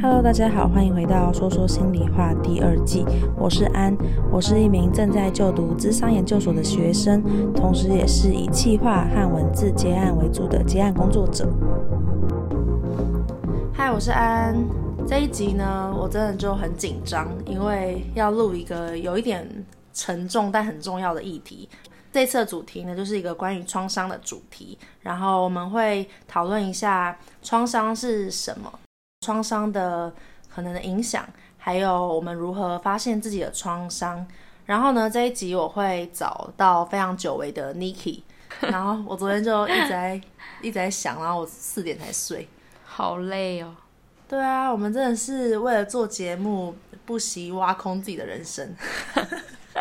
Hello，大家好，歡迎回到《說說心裡話》第二季。我是安，我是一名正在就讀諮商研究所的學生，同時也是以企劃和文字接案為主的接案工作者。嗨，我是安。這一集呢，我真的就很緊張，因為要錄一個有一點沉重但很重要的議題。這次的主題呢，就是一個關於創傷的主題，然後我們會討論一下創傷是什麼。創傷的可能的影響，還有我們如何發現自己的創傷。然後呢，這一集我會找到非常久違的 Niki。然後我昨天就一直在 一直在想，然後我四點才睡，好累哦。對啊，我們真的是為了做節目不惜挖空自己的人生，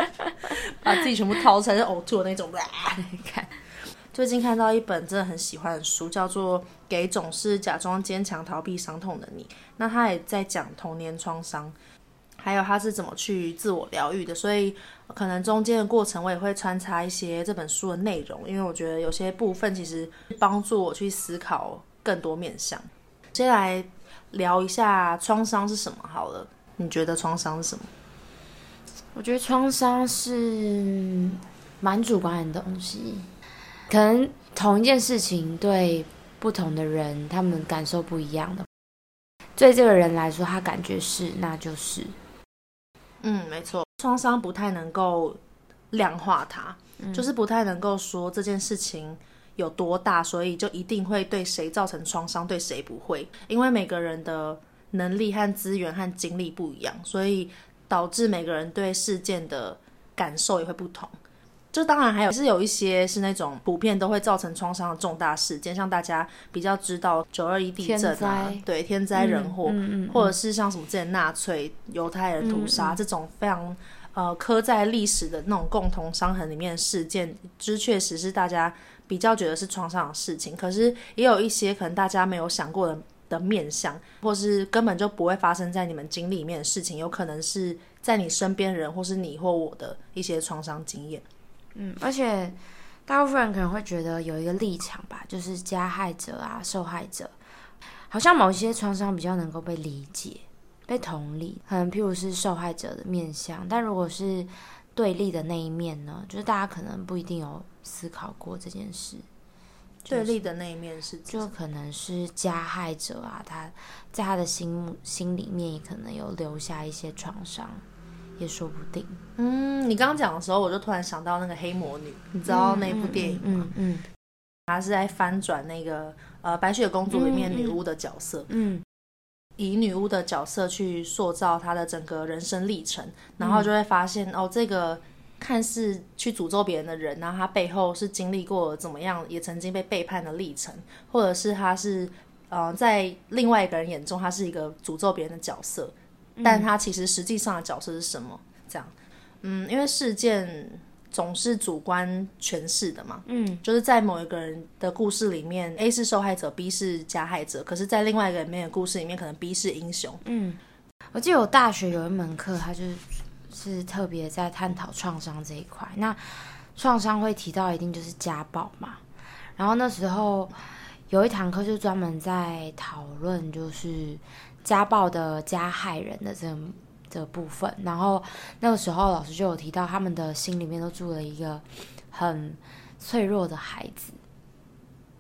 把自己全部掏出來嘔吐的那種，哇，你看。最近看到一本真的很喜歡的書，叫做《給總是假裝堅強逃避傷痛的你》。那他也在講童年創傷，還有他是怎麼去自我療癒的。所以可能中間的過程，我也會穿插一些這本書的內容，因為我覺得有些部分其實幫助我去思考更多面向。接下來聊一下創傷是什麼好了。你覺得創傷是什麼？我覺得創傷是蠻主觀的東西。可能同一件事情對不同的人，他們感受不一樣的。對這個人來說，他感覺是那就是，嗯，沒錯，創傷不太能夠量化它。嗯，就是不太能夠說這件事情有多大，所以就一定會對誰造成創傷，對誰不會，因為每個人的能力和資源和經歷不一樣，所以導致每個人對事件的感受也會不同。就當然還有是有一些是那種普遍都會造成創傷的重大事件，像大家比較知道九二一地震啊，天災對天災人禍、嗯嗯嗯，或者是像什麼之前納粹猶太人屠殺、嗯、這種非常呃刻在歷史的那種共同傷痕裡面的事件，這確實是大家比較覺得是創傷的事情。可是也有一些可能大家沒有想過的的面向，或是根本就不會發生在你們經歷裡面的事情，有可能是在你身邊人或是你或我的一些創傷經驗。嗯，而且大部分人可能會覺得有一個立場吧，就是加害者啊、受害者，好像某些創傷比較能夠被理解、被同理，可能譬如，是受害者的面向。但如果是對立的那一面呢，就是大家可能不一定有思考過這件事。對立的那一面是，就是、就可能是加害者啊，他在他的心心裡面也可能有留下一些創傷也說不定。嗯，你剛剛講的時候，我就突然想到那個黑魔女，嗯、你知道那部電影嗎？嗯，她、嗯嗯嗯、是在翻轉那個呃白雪公主裡面女巫的角色嗯，嗯，以女巫的角色去塑造她的整個人生歷程，然後就會發現、嗯、哦，這個看似去詛咒別人的人，然後她背後是經歷過怎麼樣，也曾經被背叛的歷程，或者是她是嗯、呃，在另外一個人眼中，她是一個詛咒別人的角色。但他其實實際上的角色是什麼？這樣，嗯，因為事件總是主觀詮釋的嘛，嗯，就是在某一個人的故事裡面，A 是受害者，B 是加害者，可是，在另外一個人的故事裡面，可能 B 是英雄。嗯，我記得我大學有一門課，他就是是特別在探討創傷這一塊。那創傷會提到一定就是家暴嘛，然後那時候。有一堂課就專門在討論，就是家暴的加害人的這個、這個部分。然後那個時候老師就有提到，他們的心裡面都住了一個很脆弱的孩子。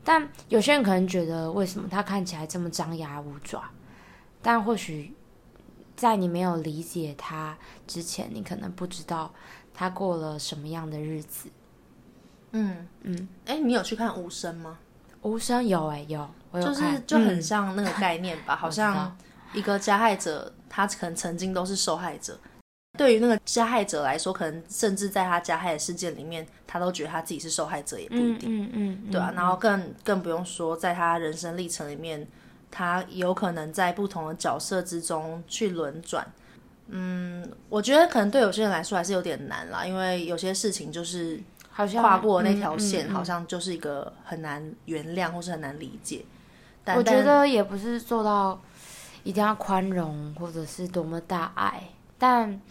但有些人可能覺得，為什麼他看起來這麼張牙舞爪？但或許在你沒有理解他之前，你可能不知道他過了什麼樣的日子。嗯嗯，誒、欸，你有去看無聲嗎？互相搖啊搖，就是就很像那個概念吧，嗯、好像一個加害者， 他可能曾經都是受害者。對於那個加害者來說，可能甚至在他加害的事件裡面，他都覺得他自己是受害者也不一定，嗯嗯，嗯，嗯，對啊。然後更更不用說在他人生歷程裡面，他有可能在不同的角色之中去輪轉。嗯，我覺得可能對有些人來說還是有點難啦，因為有些事情就是。好像跨過那條線，好像就是一個很難原諒或是很難理解、嗯嗯但。我覺得也不是做到一定要寬容，或者是多麼大愛、嗯，但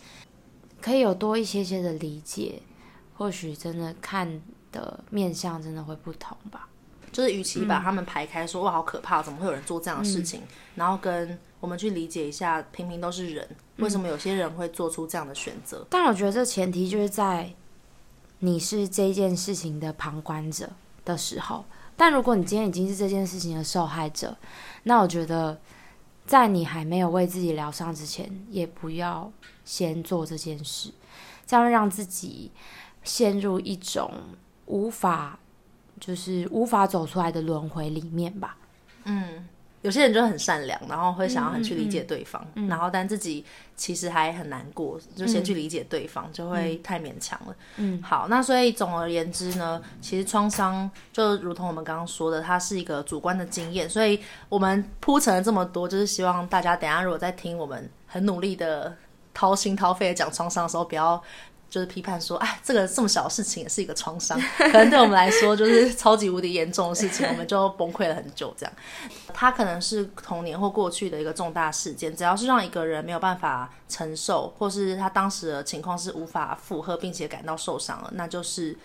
可以有多一些些的理解。或許真的看的面相真的會不同吧。就是與其把他們排開說，說、嗯、哇好可怕，怎麼會有人做這樣的事情、嗯，然後跟我們去理解一下，平平都是人，為什麼有些人會做出這樣的選擇、嗯？但我覺得這前提就是在。你是這件事情的旁觀者的時候，但如果你今天已經是這件事情的受害者，那我覺得，在你還沒有為自己療傷之前，也不要先做這件事，這樣讓自己陷入一種無法，就是無法走出來的輪迴裡面吧。嗯。有些人就很善良，然後會想要很去理解對方，嗯嗯，然後但自己其實還很難過，嗯、就先去理解對方就會太勉強了嗯。嗯，好，那所以總而言之呢，其實創傷就如同我們剛剛說的，它是一個主觀的經驗，所以我們鋪陳了這麼多，就是希望大家等一下如果在聽我們很努力的掏心掏肺的講創傷的時候，不要。就是批判說，哎，這個這麼小的事情也是一個創傷，可能對我們來說就是超級無敵嚴重的事情， 我們就崩潰了很久這樣。他可能是童年或過去的一個重大事件，只要是讓一個人沒有辦法承受，或是他當時的情況是無法負荷並且感到受傷了，那就是。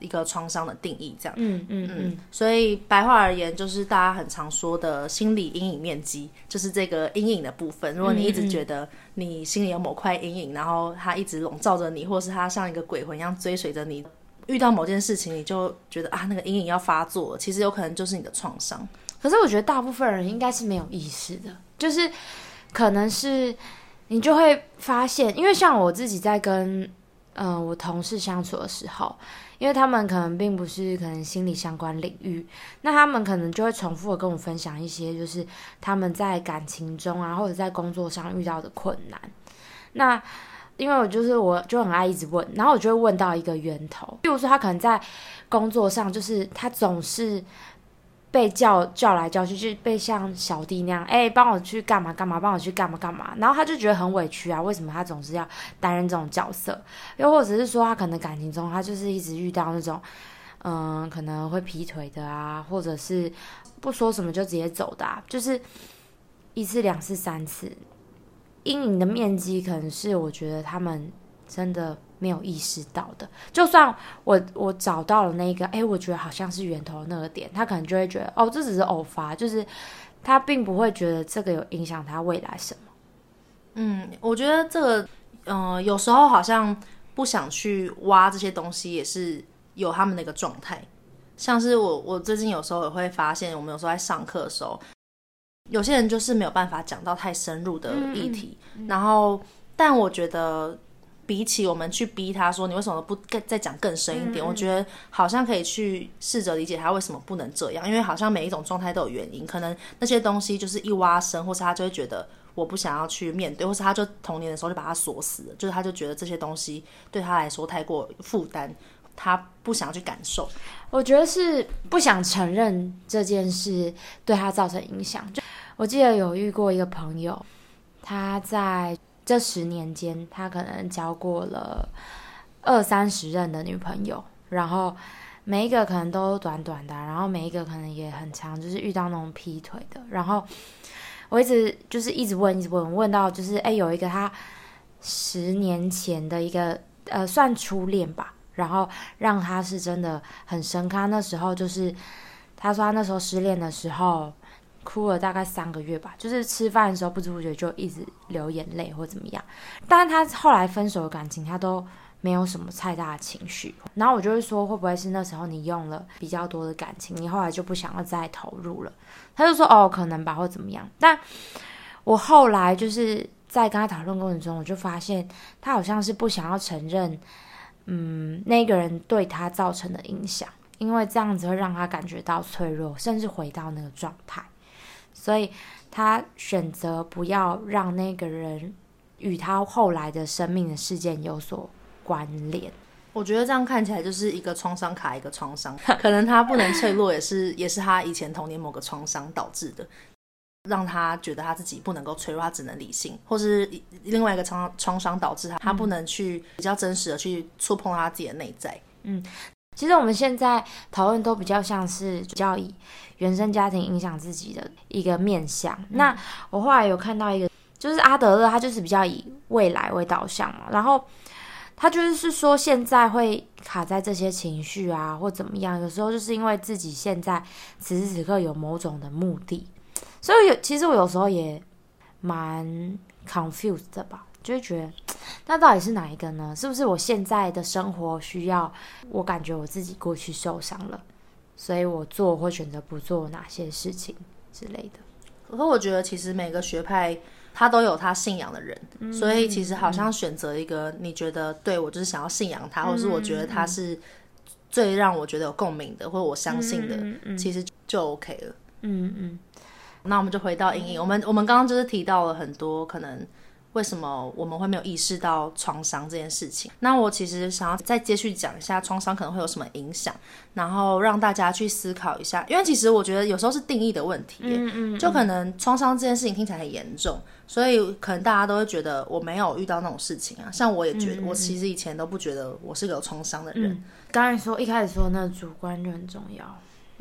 一個創傷的定義，這樣。嗯嗯嗯，所以白話而言，就是大家很常說的心理陰影面積，就是這個陰影的部分。如果你一直覺得你心裡有某塊陰影，嗯嗯，然後它一直籠罩着你，或是它像一個鬼魂一樣追隨着你，遇到某件事情，你就覺得啊，那個陰影要發作了，其實有可能就是你的創傷。可是我覺得大部分人應該是沒有意識的，就是可能是你就會發現，因為像我自己在跟。嗯、呃，我同事相處的時候，因為他們可能並不是可能心理相關領域，那他們可能就會重複的跟我分享一些，就是他們在感情中啊，或者在工作上遇到的困難。那因為我就是我就很愛一直問，然後我就會問到一個源頭，比如說他可能在工作上，就是他總是。被叫叫來叫去，就被像小弟那樣，哎、欸，幫我去幹嘛幹嘛，幫我去幹嘛幹嘛，然後他就覺得很委屈啊，為什麼他總是要擔任這種角色？又或者是說，他可能感情中，他就是一直遇到那種，嗯，可能會劈腿的啊，或者是不說什麼就直接走的，啊，就是一次、兩次、三次，陰影的面積可能是我覺得他們真的。沒有意識到的，就算我我找到了那個，哎，我覺得好像是源頭的那個點，他可能就會覺得哦，這只是偶發，就是他並不會覺得這個有影響他未來什麼。嗯，我覺得這個，嗯、呃，有時候好像不想去挖這些東西，也是有他們的一個狀態。像是我，我最近有時候也會發現，我們有時候在上課的時候，有些人就是沒有辦法講到太深入的議題，嗯嗯、然後，但我覺得。比起我們去逼他說，你為什麼不再講更深一點？我覺得好像可以去試着理解他為什麼不能這樣，因為好像每一種狀態都有原因。可能那些東西就是一挖深，或是他就會覺得我不想要去面對，或是他就童年的時候就把它鎖死了，就是他就覺得這些東西對他來說太過負擔，他不想去感受。我覺得是不想承認這件事對他造成影響。我記得有遇過一個朋友，他在。這十年間，他可能交過了二三十任的女朋友，然後每一個可能都短短的，然後每一個可能也很長，就是遇到那種劈腿的。然後我一直就是一直問，一直問，問到就是哎，有一個他十年前的一個呃算初戀吧，然後讓他是真的很深刻。那時候就是他說他那時候失戀的時候。哭了大概三個月吧，就是吃飯的時候不知不覺就一直流眼淚或怎麼樣。但是他後來分手的感情，他都沒有什麼太大的情緒。然後我就會說，會不會是那時候你用了比較多的感情，你後來就不想要再投入了？他就說，哦，可能吧，或怎麼樣。但我後來就是在跟他討論過程中，我就發現他好像是不想要承認，嗯，那個人對他造成的影響，因為這樣子會讓他感覺到脆弱，甚至回到那個狀態。所以他選擇不要讓那個人與他後來的生命的事件有所關聯。我覺得這樣看起來就是一個創傷卡一個創傷， 可能他不能脆弱也是也是他以前童年某個創傷導致的，讓他覺得他自己不能夠脆弱，他只能理性，或是另外一個傷創傷導致他、嗯、他不能去比較真實的去觸碰他自己的內在，嗯。其實我們現在討論都比較像是比較以原生家庭影響自己的一個面向。嗯、那我後來有看到一個，就是阿德勒，他就是比較以未來為導向嘛。然後他就是說，現在會卡在這些情緒啊，或怎麼樣，有時候就是因為自己現在此時此刻有某種的目的，所以有其實我有時候也蠻 confused 的吧。就會覺得，那到底是哪一個呢？是不是我現在的生活需要？我感覺我自己過去受傷了，所以我做或選擇不做哪些事情之類的。可是我覺得，其實每個學派他都有他信仰的人、嗯，所以其實好像選擇一個、嗯、你覺得對我就是想要信仰他、嗯，或是我覺得他是最讓我覺得有共鳴的，嗯、或者我相信的、嗯嗯嗯，其實就 OK 了。嗯嗯。那我們就回到陰影、嗯，我們我們剛剛就是提到了很多可能。為什麼我們會沒有意識到創傷這件事情？那我其實想要再接續講一下創傷可能會有什麼影響，然後讓大家去思考一下。因為其實我覺得有時候是定義的問題，嗯嗯，就可能創傷這件事情聽起來很嚴重，所以可能大家都會覺得我沒有遇到那種事情啊。像我也覺得，我其實以前都不覺得我是個有創傷的人。嗯、嗯、剛才說，一開始說那主觀就很重要。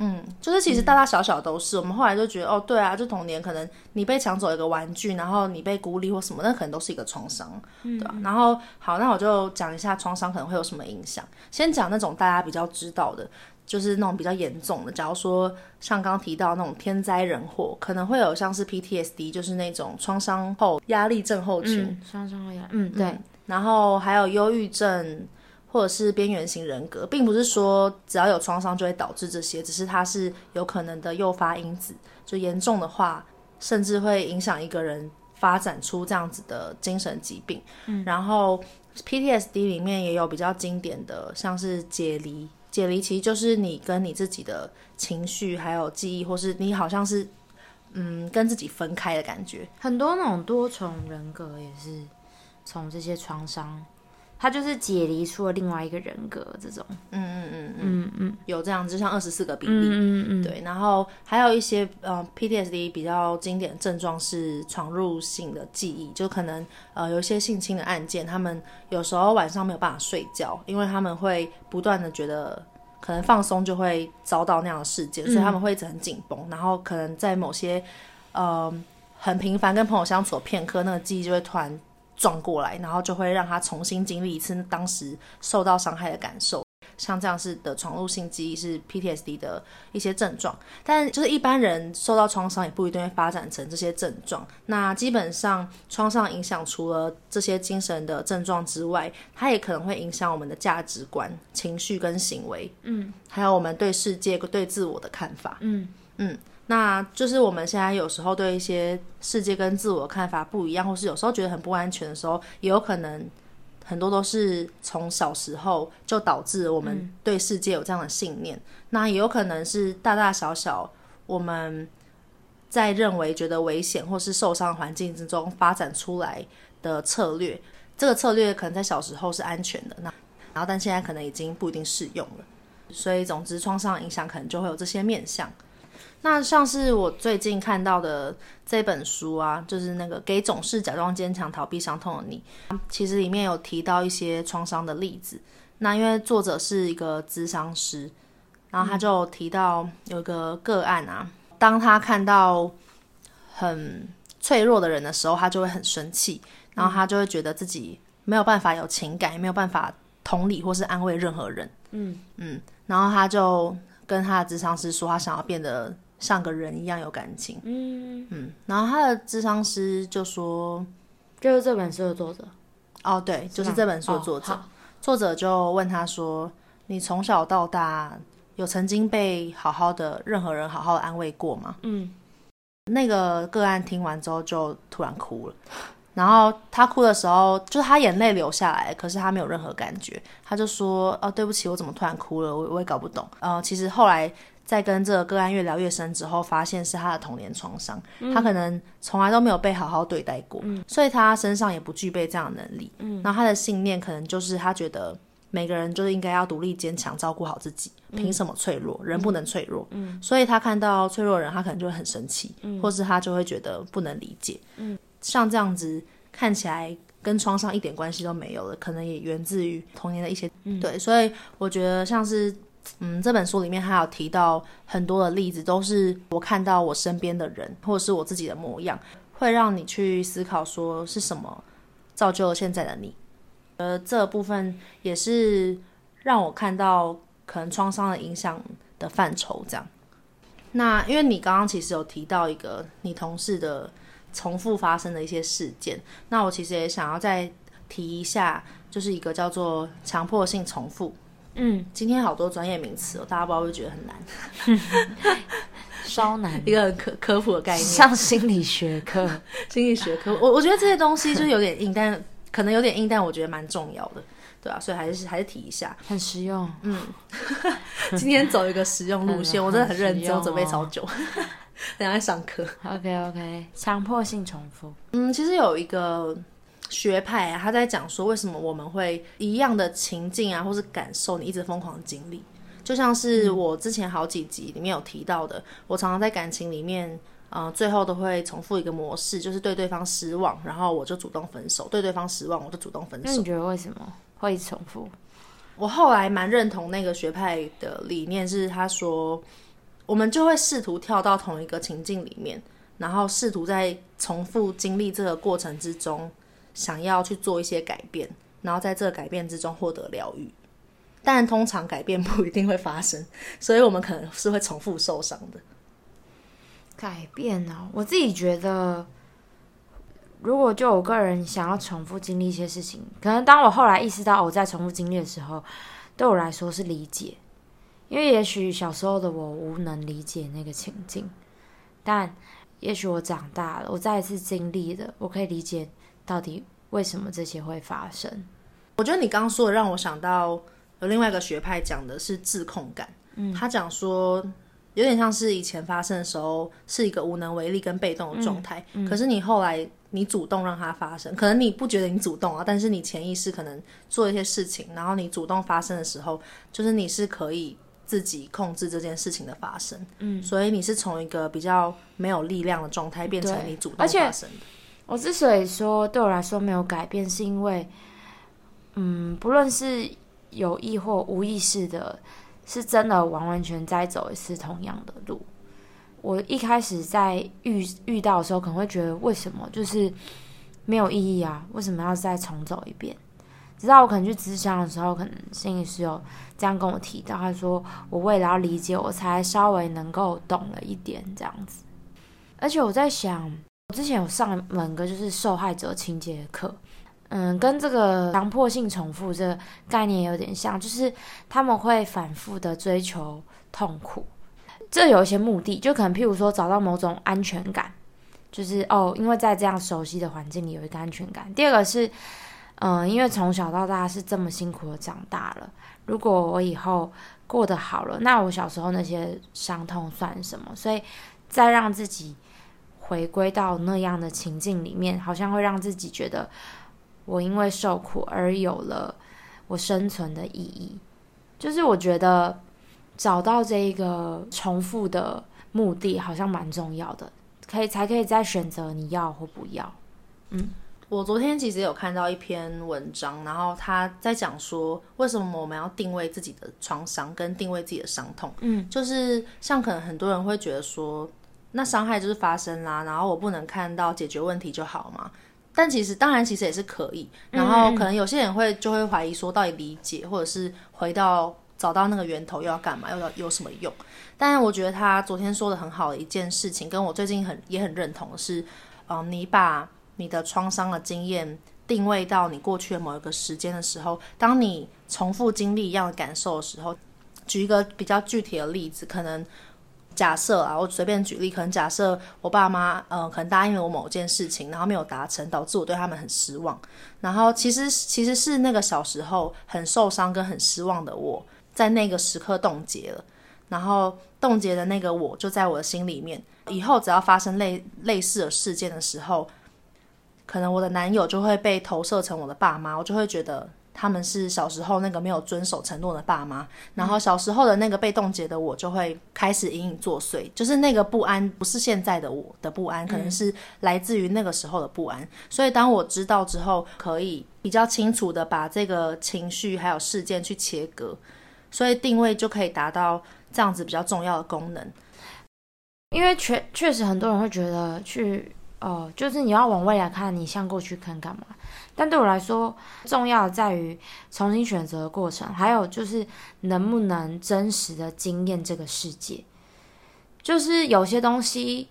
嗯，就是其實大大小小都是、嗯。我們後來就覺得，哦，對啊，就童年可能你被搶走一個玩具，然後你被孤立或什麼，那可能都是一個創傷、嗯嗯，對吧、啊？然後好，那我就講一下創傷可能會有什麼影響。先講那種大家比較知道的，就是那種比較嚴重的。假如說像剛提到那種天災人禍，可能會有像是 PTSD，就是那種創傷後壓力症候群，創、嗯、傷後壓，嗯，對。然後還有憂鬱症。或者是邊緣型人格，並不是說只要有創傷就會導致這些，只是它是有可能的誘發因子。就嚴重的話，甚至會影響一個人發展出這樣子的精神疾病。嗯，然後 PTSD 裡面也有比較經典的，像是解離，解離其實就是你跟你自己的情緒還有記憶，或是你好像是嗯，跟自己分開的感覺。很多那種多重人格也是從這些創傷。他就是解離出了另外一個人格，這種，嗯嗯嗯嗯嗯，有這樣子，就像二十四個比利，嗯嗯嗯對，然後還有一些，呃，PTSD 比較經典的症狀是闖入性的記憶，就可能，呃，有一些性侵的案件，他們有時候晚上沒有辦法睡覺，因為他們會不斷的覺得，可能放鬆就會遭到那樣的事件，嗯、所以他們會一直很緊繃，然後可能在某些，呃，很頻繁跟朋友相處的片刻，那個記憶就會突然撞過來，然後就會讓他重新經歷一次當時受到傷害的感受。像這樣式的闖入性記憶是 PTSD 的一些症狀，但就是一般人受到創傷也不一定會發展成這些症狀。那基本上創傷影響除了這些精神的症狀之外，它也可能會影響我們的價值觀、情緒跟行為。嗯，還有我們對世界、對自我的看法。嗯嗯。那就是我們現在有時候對一些世界跟自我的看法不一樣，或是有時候覺得很不安全的時候，也有可能很多都是從小時候就導致我們對世界有這樣的信念。嗯、那也有可能是大大小小我們在認為覺得危險或是受傷的環境之中發展出來的策略。這個策略可能在小時候是安全的，那然後但現在可能已經不一定適用了。所以，總之，創傷影響可能就會有這些面向。那像是我最近看到的這本書啊，就是那個《給總是假裝堅強逃避傷痛的你》，其實裡面有提到一些創傷的例子。那因為作者是一個諮商師，然後他就提到有個個案啊，嗯，當他看到很脆弱的人的時候，他就會很生氣，然後他就會覺得自己沒有辦法有情感，也沒有辦法同理或是安慰任何人。嗯嗯，然後他就跟他的諮商師說，他想要變得。像個人一樣有感情，嗯嗯，然後他的諮商師就說，就是這本書的作者，哦，對，是就是這本書的作者，哦、作者就問他說：“你從小到大有曾經被好好的任何人好好安慰過嗎？”嗯，那個個案聽完之後就突然哭了，然後他哭的時候，就是他眼淚流下來，可是他沒有任何感覺，他就說：“哦，對不起，我怎麼突然哭了？我我也搞不懂。”呃，其實後來。在跟這個個案越聊越深之後，發現是他的童年創傷，嗯，他可能從來都沒有被好好對待過，嗯，所以他身上也不具備這樣的能力。嗯，然後他的信念可能就是他覺得每個人就是應該要獨立堅強，照顧好自己，憑什麼脆弱，嗯、人不能脆弱，嗯？所以他看到脆弱的人，他可能就會很生氣，嗯，或是他就會覺得不能理解。嗯，像這樣子看起來跟創傷一點關係都沒有的，可能也源自於童年的一些，嗯、對。所以我覺得像是。嗯，這本書裡面還有提到很多的例子，都是我看到我身邊的人或者是我自己的模樣，會讓你去思考說是什麼造就了現在的你。呃，這部分也是讓我看到可能創傷的影響的範疇這樣。那因為你剛剛其實有提到一個你同事的重複發生的一些事件，那我其實也想要再提一下，就是一個叫做強迫性重複。嗯，今天好多專業名詞哦，大家不知道會覺得很難，稍 難一個很科科普的概念，像心理學科， 心理學科，我我覺得這些東西就有點硬但，但 可能有點硬，但我覺得蠻重要的，對啊，所以還是還是提一下，很實用，嗯， 今天走一個實用路線， 真哦，我真的很認真準備超久，等 下上課，OK OK，強迫性重複，嗯，其實有一個。學派啊，他在講說為什麼我們會一樣的情境啊，或是感受，你一直瘋狂的經歷，就像是我之前好幾集裡面有提到的，我常常在感情裡面，呃，最後都會重複一個模式，就是對對方失望，然後我就主動分手。對對，對方失望，我就主動分手。那你覺得為什麼會一直重複？我後來蠻認同那個學派的理念，是他說我們就會試圖跳到同一個情境裡面，然後試圖在重複經歷這個過程之中。想要去做一些改變，然後在這個改變之中獲得療癒，但通常改變不一定會發生，所以我們可能是會重複受傷的。改變呢、啊？我自己覺得，如果就我個人想要重複經歷一些事情，可能當我後來意識到我在重複經歷的時候，對我來說是理解，因為也許小時候的我無能理解那個情境，但也許我長大了，我再一次經歷了，我可以理解。到底為什麼這些會發生？我覺得你剛剛說的讓我想到有另外一個學派講的是自控感。嗯，他講說有點像是以前發生的時候是一個無能為力跟被動的狀態。嗯，嗯，可是你後來你主動讓它發生，可能你不覺得你主動啊，但是你潛意識可能做一些事情，然後你主動發生的時候，就是你是可以自己控制這件事情的發生。嗯，所以你是從一個比較沒有力量的狀態變成你主動發生的。我之所以說對我來說沒有改變，是因為，嗯，不論是有意或無意識的，是真的完完全全再走一次同樣的路。我一開始在遇遇到的時候，可能會覺得為什麼就是沒有意義啊？為什麼要再重走一遍？直到我可能去諮詢的時候，可能心理師有這樣跟我提到，他說我為了要理解我，才稍微能夠懂了一點這樣子。而且我在想。我之前有上某個就是受害者情結的課，嗯，跟這個強迫性重複這個概念有點像，就是他們會反覆的追求痛苦，這有一些目的，就可能譬如說找到某種安全感，就是哦，因為在這樣熟悉的環境裡有一個安全感。第二個是，嗯，因為從小到大是這麼辛苦的長大了，如果我以後過得好了，那我小時候那些傷痛算什麼？所以再讓自己。回歸到那樣的情境裡面，好像會讓自己覺得，我因為受苦而有了我生存的意義。就是我覺得找到這一個重複的目的，好像蠻重要的，可以才可以再選擇你要或不要。嗯，我昨天其實有看到一篇文章，然後他在講說，為什麼我們要定位自己的創傷跟定位自己的傷痛？嗯，就是像可能很多人會覺得說。那傷害就是發生啦、啊，然後我不能看到解決問題就好嘛？但其實，當然，其實也是可以。然後，可能有些人會就會懷疑說，到底理解，或者是回到找到那個源頭又要幹嘛，又要有什麼用？但是，我覺得他昨天說的很好的一件事情，跟我最近很也很認同是，嗯、呃，你把你的創傷的經驗定位到你過去的某一個時間的時候，當你重複經歷一樣的感受的時候，舉一個比較具體的例子，可能。假設啊，我隨便舉例，可能假設我爸媽，嗯、呃，可能答應了我某件事情，然後沒有達成，導致我對他們很失望。然後其實其實是那個小時候很受傷跟很失望的我在那個時刻凍結了，然後凍結的那個我就在我的心裡面，以後只要發生類類似的事件的時候，可能我的男友就會被投射成我的爸媽，我就會覺得。他們是小時候那個沒有遵守承諾的爸媽、嗯，然後小時候的那個被凍結的我就會開始隱隱作祟，就是那個不安，不是現在的我的不安、嗯，可能是來自於那個時候的不安。所以當我知道之後，可以比較清楚地把這個情緒還有事件去切割，所以定位就可以達到這樣子比較重要的功能。因為確確實很多人會覺得去哦，就是你要往未來看，你向過去看幹嘛？但對我來說，重要在於重新選擇的過程，還有就是能不能真實地經驗這個世界。就是有些東西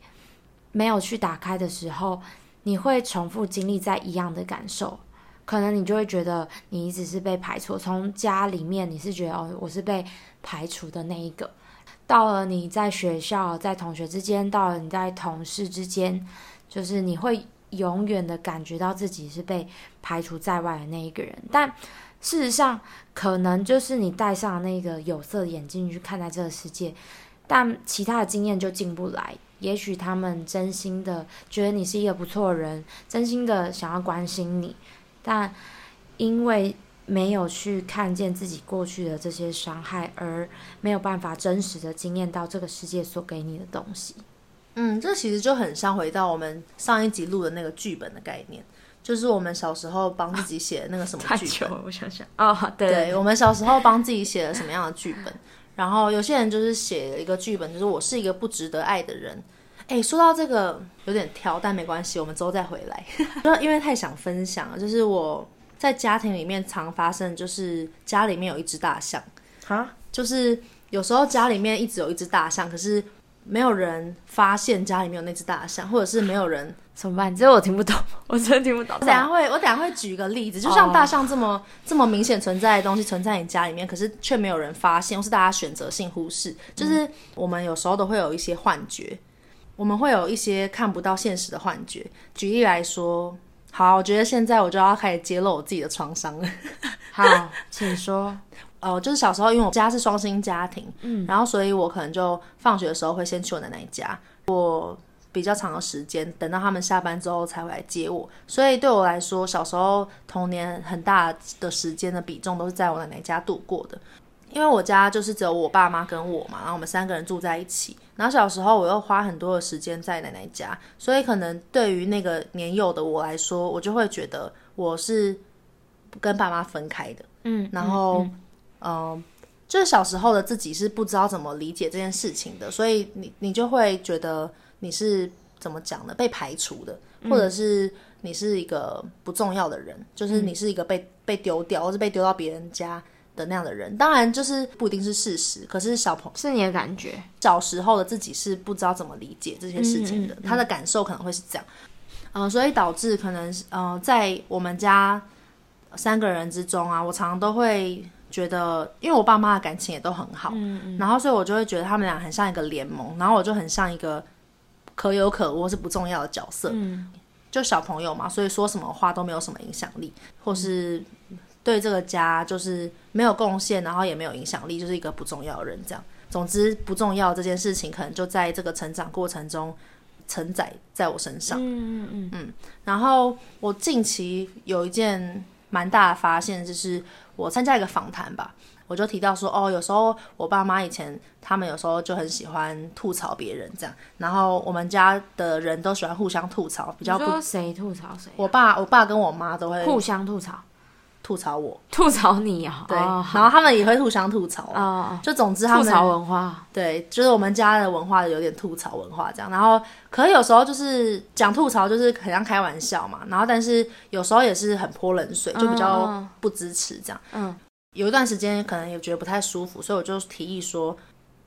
沒有去打開的時候，你會重複經歷在一樣的感受，可能你就會覺得你一直是被排除。從家裡面，你是覺得哦，我是被排除的那一個；到了你在學校，在同學之間，到了你在同事之間，就是你會。永遠的感覺到自己是被排除在外的那一個人，但事實上，可能就是你戴上了那個有色的眼鏡去看待這個世界，但其他的經驗就進不來。也許他們真心的覺得你是一個不錯的人，真心的想要關心你，但因為沒有去看見自己過去的這些傷害，而沒有辦法真實的經驗到這個世界所給你的東西。嗯，這其實就很像回到我們上一集錄的那個劇本的概念，就是我們小時候幫自己寫的那個什麼劇本，哦、我想想啊、哦，對，對我們小時候幫自己寫了什麼樣的劇本，然後有些人就是寫了一個劇本，就是我是一個不值得愛的人。哎，說到這個有點挑，但沒關係，我們之後再回來。 因為太想分享了，就是我在家庭裡面常發生，就是家裡面有一隻大象，哈，就是有時候家裡面一直有一隻大象，可是。沒有人發現家裡面有那只大象，或者是沒有人怎麼辦？你這我聽不懂，我真的聽不懂。我等下會，我等下會舉一個例子，就像大象這麼、oh. 這麼明顯存在的東西存在你家裡面，可是卻沒有人發現，或是大家選擇性忽視。就是我們有時候都會有一些幻覺，嗯、我們會有一些看不到現實的幻覺。舉例來說，好，我覺得現在我就要開始揭露我自己的創傷了。 好，請說。哦，就是小時候，因為我家是雙薪家庭，嗯，然後所以我可能就放學的時候會先去我奶奶家，我比較長的時間等到他們下班之後才回來接我，所以對我來說，小時候童年很大的時間的比重都是在我奶奶家度過的，因為我家就是只有我爸媽跟我嘛，然後我們三個人住在一起，然後小時候我又花很多的時間在奶奶家，所以可能對於那個年幼的我來說，我就會覺得我是。跟爸媽分開的，嗯，然後，嗯，嗯呃、就是小時候的自己是不知道怎麼理解這件事情的，所以你你就會覺得你是怎麼講的，被排除的，嗯，或者是你是一個不重要的人，就是你是一個被，嗯，被丟掉，或是被丟到別人家的那樣的人。當然，就是不一定是事實，可是小朋友是你的感覺，小時候的自己是不知道怎麼理解這件事情的，嗯嗯嗯，他的感受可能會是這樣，嗯，呃，所以導致可能嗯，呃，在我們家。三個人之中啊，我常常都會覺得，因為我爸媽的感情也都很好，嗯，然後所以我就會覺得他們倆很像一個聯盟，然後我就很像一個可有可無、是不重要的角色，嗯。就小朋友嘛，所以說什麼話都沒有什麼影響力，或是對這個家就是沒有貢獻，然後也沒有影響力，就是一個不重要的人這樣。總之，不重要這件事情，可能就在這個成長過程中承載在我身上。嗯嗯嗯。然後我近期有一件。蠻大的發現，就是我參加一個訪談吧，我就提到說，哦，有時候我爸媽以前他們有時候就很喜歡吐槽別人這樣，然後我們家的人都喜歡互相吐槽，比較不誰吐槽誰啊，我爸我爸跟我媽都會互相吐槽。吐槽我，吐槽你啊、哦，對、哦，然後他們也會互相吐槽、啊、哦，就總之他們吐槽文化，對，就是我們家的文化有點吐槽文化這樣。然後，可有時候就是講吐槽就是很像開玩笑嘛，然後但是有時候也是很潑冷水，就比較不支持這樣。哦哦、嗯，有一段時間可能也覺得不太舒服，所以我就提議說，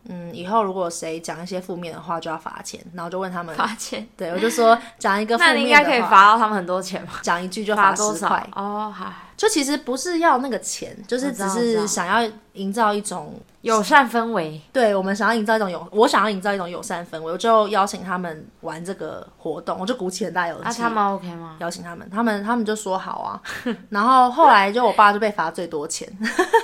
嗯，以後如果誰講一些負面的話就要罰錢，然後就問他們罰錢，對我就說講一個負面，那你應該可以罰到他們很多錢嘛？講一句就罰十塊哦，好。Oh, 就其實不是要那個錢，就是只是想要營造,造,造一種友善氛圍。對我們想要營造一種友，我想要營造一種友善氛圍，我就邀請他們玩這個活動，我就鼓起很大勇氣、啊，他們 OK 嗎？、邀請他們。他們他們就說好啊， 然後後來就我爸就被罰最多錢。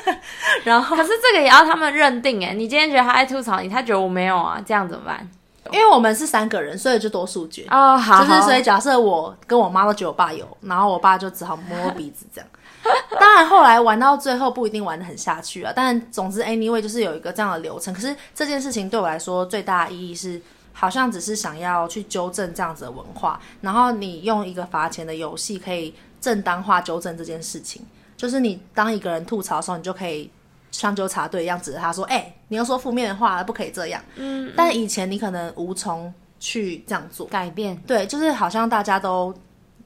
然後 可是這個也要他們認定哎，你今天覺得他愛吐槽你，他覺得我沒有啊，這樣怎麼辦？因為我們是三個人，所以就多數決哦。好,好，就是所以假設我跟我媽都覺得我爸有，然後我爸就只好摸鼻子這樣。 當然，後來玩到最後不一定玩得很下去啊。但總之，anyway 就是有一個這樣的流程。可是這件事情對我來說最大的意義是，好像只是想要去糾正這樣子的文化。然後你用一個罰錢的遊戲，可以正當化糾正這件事情。就是你當一個人吐槽的時候，你就可以像糾察隊一樣指着他說：“哎、欸，你要說負面的話，不可以這樣。”嗯。但以前你可能無從去這樣做改變。對，就是好像大家都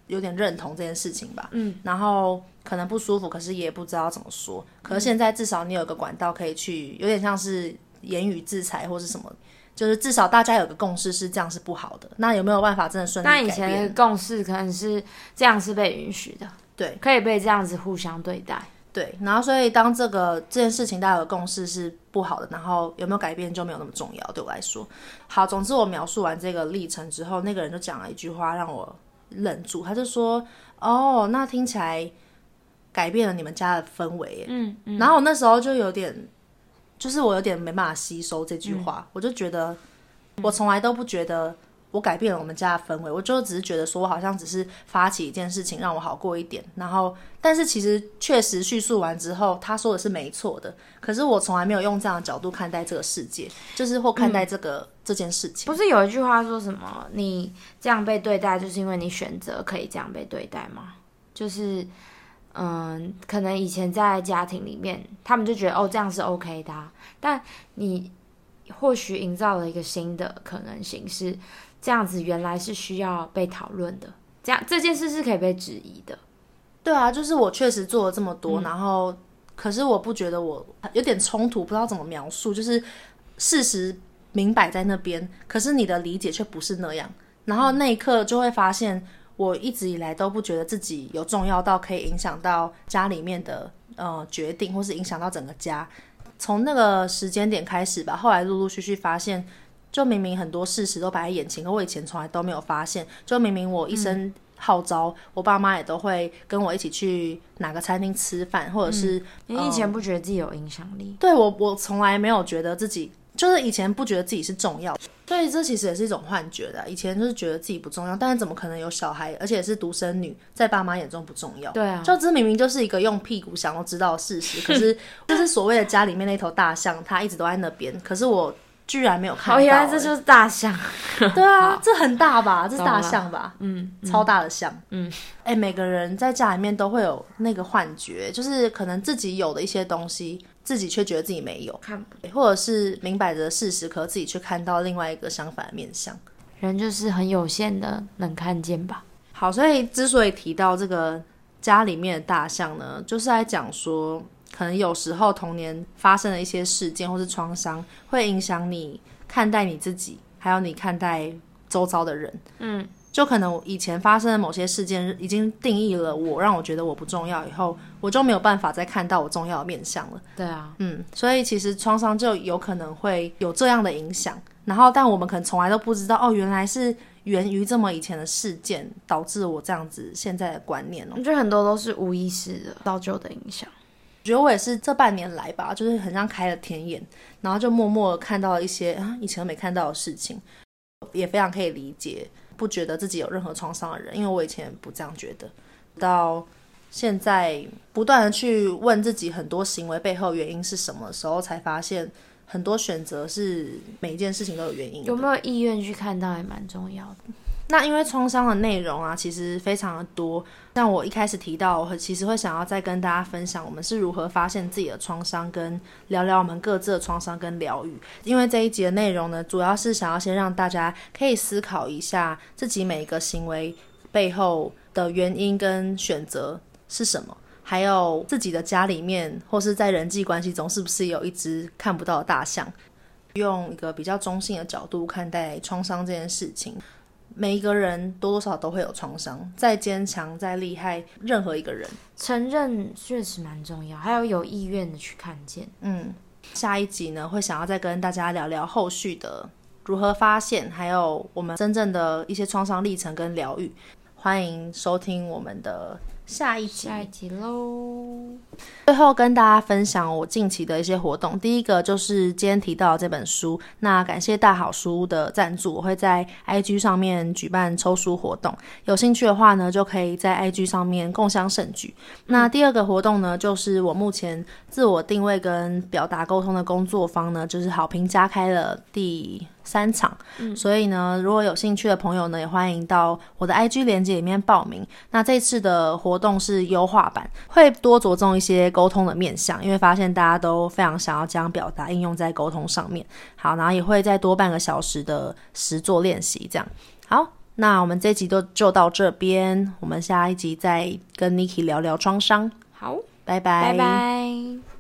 有點認同這件事情吧。嗯。然後。可能不舒服，可是也不知道怎麼說。可是現在至少你有個管道可以去，有點像是言語制裁或是什麼，就是至少大家有個共識是這樣是不好的。那有沒有辦法真的順利？那以前的共識可能是這樣是被允許的，對，可以被這樣子互相對待，對。然後所以當這個這件事情大家有個共識是不好的，然後有沒有改變就沒有那麼重要。對我來說，好，總之我描述完這個歷程之後，那個人就講了一句話讓我忍住，他就說：“哦，那聽起來。”改變了你們家的氛圍，嗯，嗯，然後我那時候就有點，就是我有點沒辦法吸收這句話，嗯，我就覺得我從來都不覺得我改變了我們家的氛圍，我就只是覺得說我好像只是發起一件事情讓我好過一點，然後但是其實確實敘述完之後，他說的是沒錯的，可是我從來沒有用這樣的角度看待這個世界，就是或看待這個，嗯，這件事情。不是有一句話說什麼？你這樣被對待，就是因為你選擇可以這樣被對待嗎？就是。嗯，可能以前在家庭裡面，他們就覺得哦，這樣是 OK 的，啊，但你或許營造了一個新的可能性是，這樣子原來是需要被討論的，這樣這件事是可以被質疑的。對啊，就是我確實做了這麼多，嗯、然後可是我不覺得我有點衝突，不知道怎麼描述，就是事實明擺在那邊，可是你的理解卻不是那樣，然後那一刻就會發現。我一直以來都不覺得自己有重要到可以影響到家裡面的呃決定，或是影響到整個家。從那個時間點開始吧，後來陸陸續續發現，就明明很多事實都擺在眼前，可我以前從來都沒有發現。就明明我一聲號召，嗯、我爸媽也都會跟我一起去哪個餐廳吃飯，或者是你、嗯、以前不覺得自己有影響力？呃、對我，我從來沒有覺得自己。就是以前不覺得自己是重要，所以這其實也是一種幻覺的啊。以前就是覺得自己不重要，但是怎麼可能有小孩，而且是獨生女，在爸媽眼中不重要？對啊，就這明明就是一個用屁股想要知道的事實，可是就是所謂的家裡面那頭大象，它 一直都在那邊，可是我。居然沒有看到。欸好、oh，原來這就是大象， 對啊， 這很大吧，這是大象吧，嗯，超大的象，嗯，哎、欸，每個人在家裡面都會有那個幻覺，就是可能自己有的一些東西，自己卻覺得自己沒有，看、欸，或者是明擺着事實，可自己卻看到另外一個相反的面相，人就是很有限的能看見吧。好，所以之所以提到這個家裡面的大象呢，就是來講說。可能有時候童年發生的一些事件或是創傷，會影響你看待你自己，還有你看待周遭的人。嗯，就可能以前發生的某些事件，已經定義了我，讓我覺得我不重要，以後我就沒有辦法再看到我重要的面相了。對啊，嗯，所以其實創傷就有可能會有這樣的影響。然後，但我們可能從來都不知道，哦，原來是源於這麼以前的事件，導致我這樣子現在的觀念。我覺得很多都是無意識的造就的影響。我覺得我也是這半年來吧，就是很像開了天眼，然後就默默看到了一些、啊、以前沒看到的事情，也非常可以理解，不覺得自己有任何創傷的人，因為我以前不這樣覺得，到現在不斷地去問自己很多行為背後原因是什麼時候才發現很多選擇是每一件事情都有原因，有沒有意願去看到還蠻重要的。那因為創傷的內容啊，其實非常的多。像我一開始提到，我其實會想要再跟大家分享，我們是如何發現自己的創傷，跟聊聊我們各自的創傷跟療癒。因為這一集的內容呢，主要是想要先讓大家可以思考一下自己每一個行為背後的原因跟選擇是什麼，還有自己的家裡面或是在人際關係中，是不是有一隻看不到的大象？用一個比較中性的角度看待創傷這件事情。每一個人多多少少都會有創傷，再堅強再厲害，任何一個人承認確實蠻重要，還有有意願的去看見。嗯，下一集呢，會想要再跟大家聊聊後續的如何發現，還有我們真正的一些創傷歷程跟療癒。歡迎收聽我們的。下一集，下一集嘍！最後跟大家分享我近期的一些活動。第一個就是今天提到的這本書，那感謝大好書屋的贊助，我會在 IG 上面舉辦抽書活動，有興趣的話呢，就可以在 IG 上面共襄盛舉。那第二個活動呢，就是我目前自我定位跟表達溝通的工作坊呢，就是好評加開了第。三場、嗯，所以呢，如果有興趣的朋友呢，也歡迎到我的 IG 鏈接裡面報名。那這次的活動是優化版，會多着重一些溝通的面向，因為發現大家都非常想要將表達應用在溝通上面。好，然後也會再多半個小時的實作練習，這樣。好，那我們這集都就,就到這邊，我們下一集再跟 Niki 聊聊創傷。好，拜拜，拜拜。